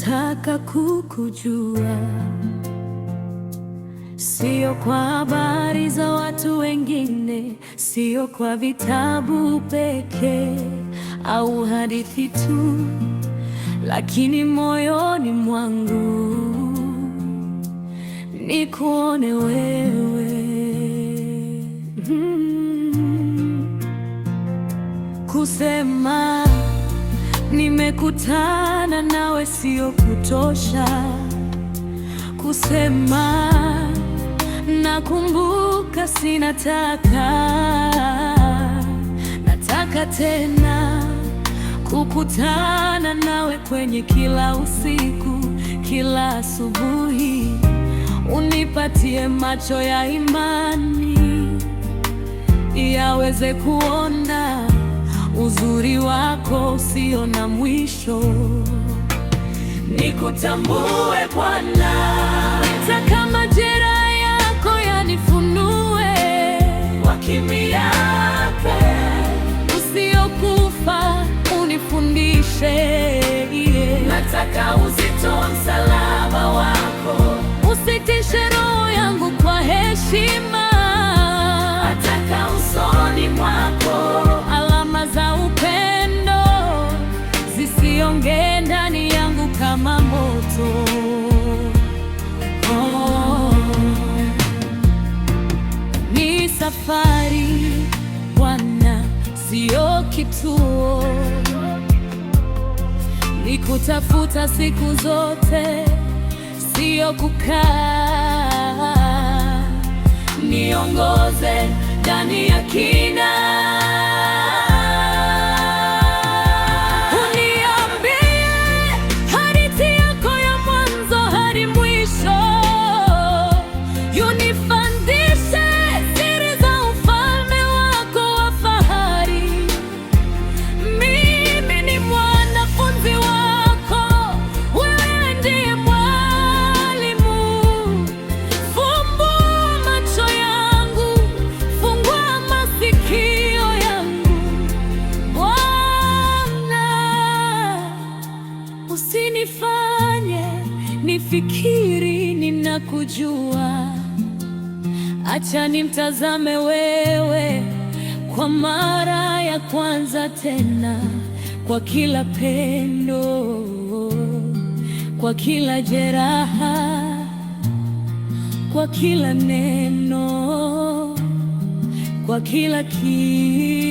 Nataka kukujua, sio kwa habari za watu wengine, sio kwa vitabu pekee au hadithi tu, lakini moyoni mwangu nikuone wewe Hmm. kusema nimekutana nawe, sio kutosha kusema nakumbuka. Sinataka, nataka tena kukutana nawe kwenye kila usiku, kila asubuhi, unipatie macho ya imani yaweze kuona uzuri wako usio na mwisho. Nikutambue Bwana, hata kama jeraha yako yanifunue, wakimiape usiokufa unifundishe, yeah. Nataka uzitoe msalaba wako, usitishe roho yangu kwa heshima, nataka usoni mwako kituo ni kutafuta siku zote, sio kukaa. Niongoze ndani ya kina nifikiri ninakujua, acha nimtazame wewe kwa mara ya kwanza tena, kwa kila pendo, kwa kila jeraha, kwa kila neno, kwa kila kitu.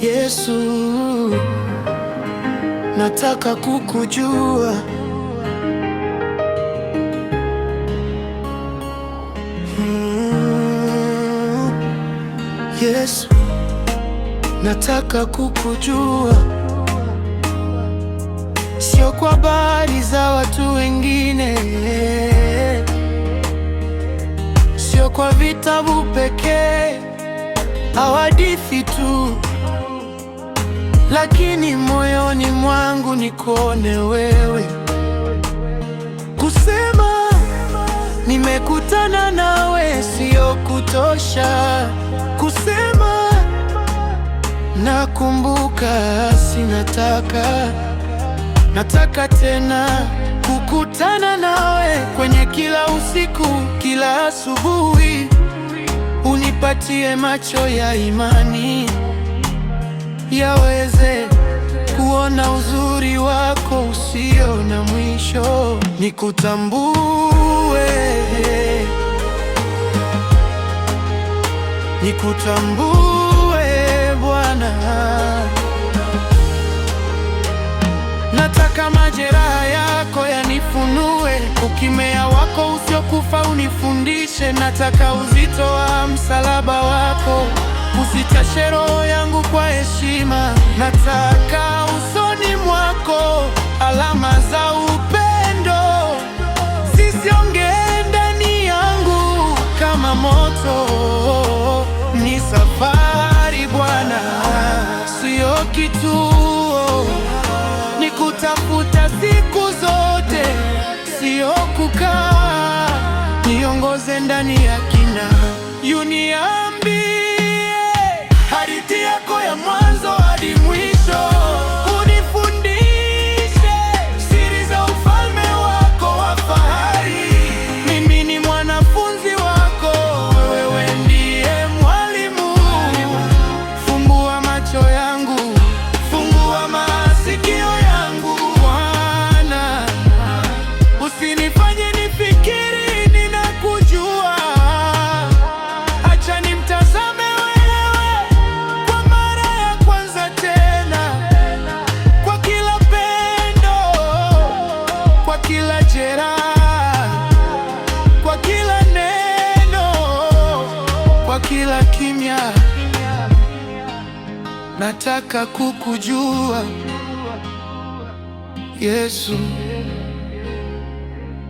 Yesu, nataka kukujua. Hmm, Yesu, nataka kukujua, sio kwa bali za watu wengine, sio kwa vitabu pekee, hawadithi tu lakini moyoni mwangu nikuone wewe. Kusema nimekutana nawe sio kutosha, kusema nakumbuka, sinataka nataka tena kukutana nawe kwenye kila usiku, kila asubuhi, unipatie macho ya imani yaweze kuona uzuri wako usio na mwisho, nikutambue, nikutambue Bwana. Nataka majeraha yako yanifunue, ukimea wako usiokufa unifundishe, nataka uzito wa msalaba wako usichashe roho yangu kwa heshima, nataka usoni mwako alama za upendo, zisongee ndani yangu kama moto. Ni safari Bwana, siyo kituo, ni kutafuta siku zote, siyo kukaa. Niongoze ndani ya kina Yunia nataka kukujua Yesu,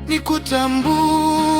nikutambue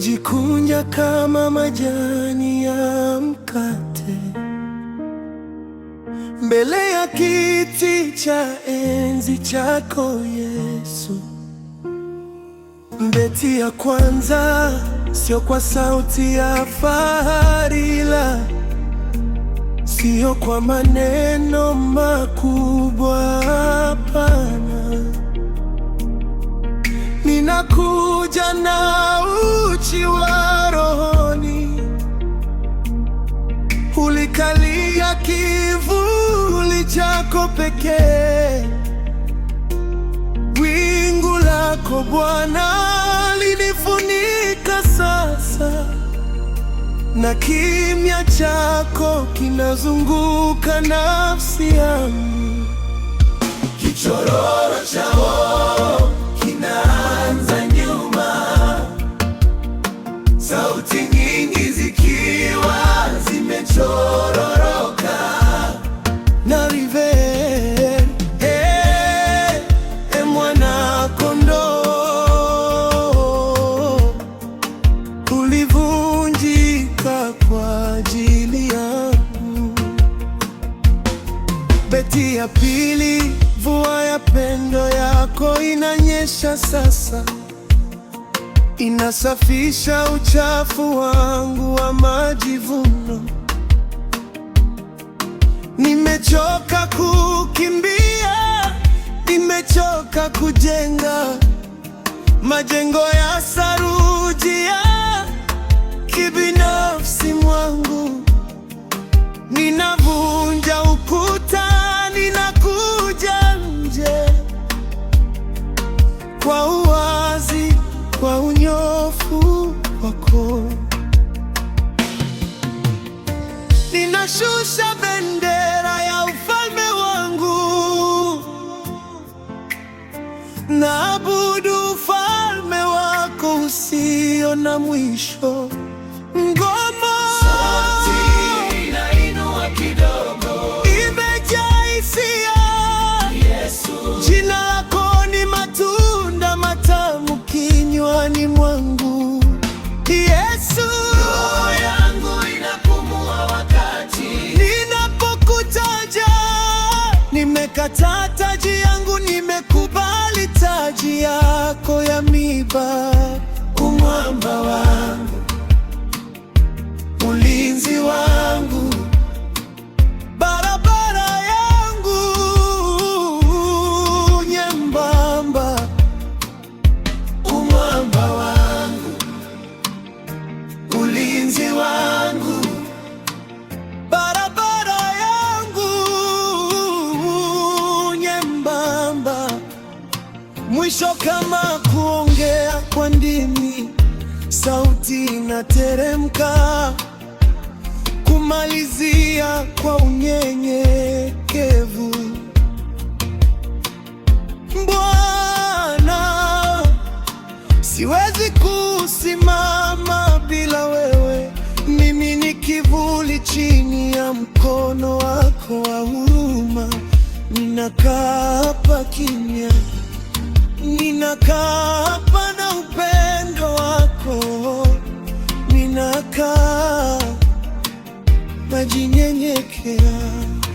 Najikunja kama majani ya mkate mbele ya kiti cha enzi chako Yesu. Beti ya kwanza sio kwa sauti ya fahari, la sio kwa maneno makubwa, hapana, ninaku pekee. Wingu lako Bwana linifunika sasa, na kimya chako kinazunguka nafsi yangu, kichororo chao yako inanyesha sasa, inasafisha uchafu wangu wa majivuno. Nimechoka kukimbia, nimechoka kujenga majengo ya saruji ya kibinafsi mwangu. Ninavunja ukuta, ninakuja kwako. Ninashusha bendera ya ufalme wangu, naabudu ufalme wako usio na mwisho. Nimekataa taji yangu, nimekubali taji yako ya miba. kumalizia kwa unyenyekevu. Bwana, siwezi kusimama bila wewe, mimi ni kivuli chini ya mkono wako wa huruma. Ninakaa hapa kimya, ninakaa hapa na upendo wako, ninakaa najinyenyekea